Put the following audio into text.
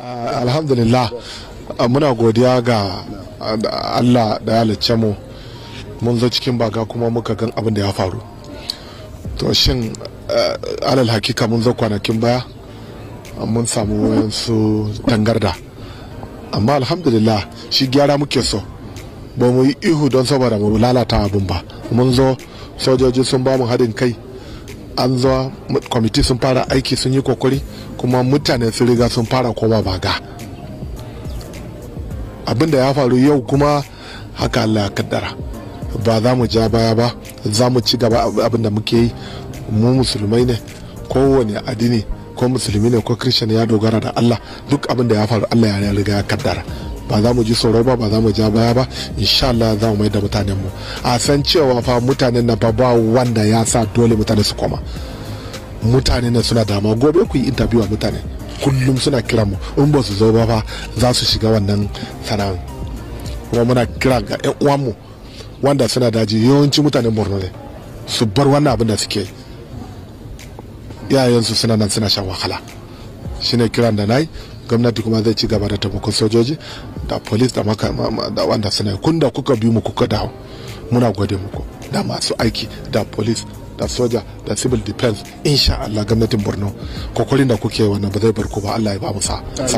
Ah, alhamdulillah ah, muna godiya ga allah da halicce mu mun zo cikin baga kuma muka gan abin da ya faru to shin eh, alal hakika mun zo kwanakin baya mun samu wayansu tangarda amma alhamdulillah shi gyara muke so ba mu yi ihu don saboda mu lalata abin ba mun zo sojoji sun ba mu haɗin kai an zuwa kwamiti sun fara aiki sun yi kokori kuma mutane sun riga sun fara koma baga abinda ya faru yau kuma haka allah ya kaddara ba za mu ja baya ba za mu ci gaba abinda muke yi mu musulmai ne kowane addini ko musulmi ne ko christian ya dogara da allah duk abinda ya faru allah ya riga ya kaddara ba za mu ji tsoro ba ba za mu ja baya ba insha Allah za mu mai da mutanen mu a san cewa fa mutanen na fa ba wanda ya sa dole mutane su koma mutane na suna dama gobe ku yi interview a mutane kullum suna kira mu in ba su zo ba fa za su shiga wannan sana'an kuma muna kira ga yan mu. wanda suna daji yawanci mutanen borno ne su bar wannan abin da suke su suna nan suna shan wahala shine kiran da na gwamnati kuma zai ci gaba da taimakon sojoji da police da makama da wanda suna kun da kuka bi mu kuka dawo muna gode muku da masu aiki da police da soja da civil defense insha Allah gwamnatin Borno kokorin da kuke wannan ba zai bar ku ba Allah ya ba mu sa'a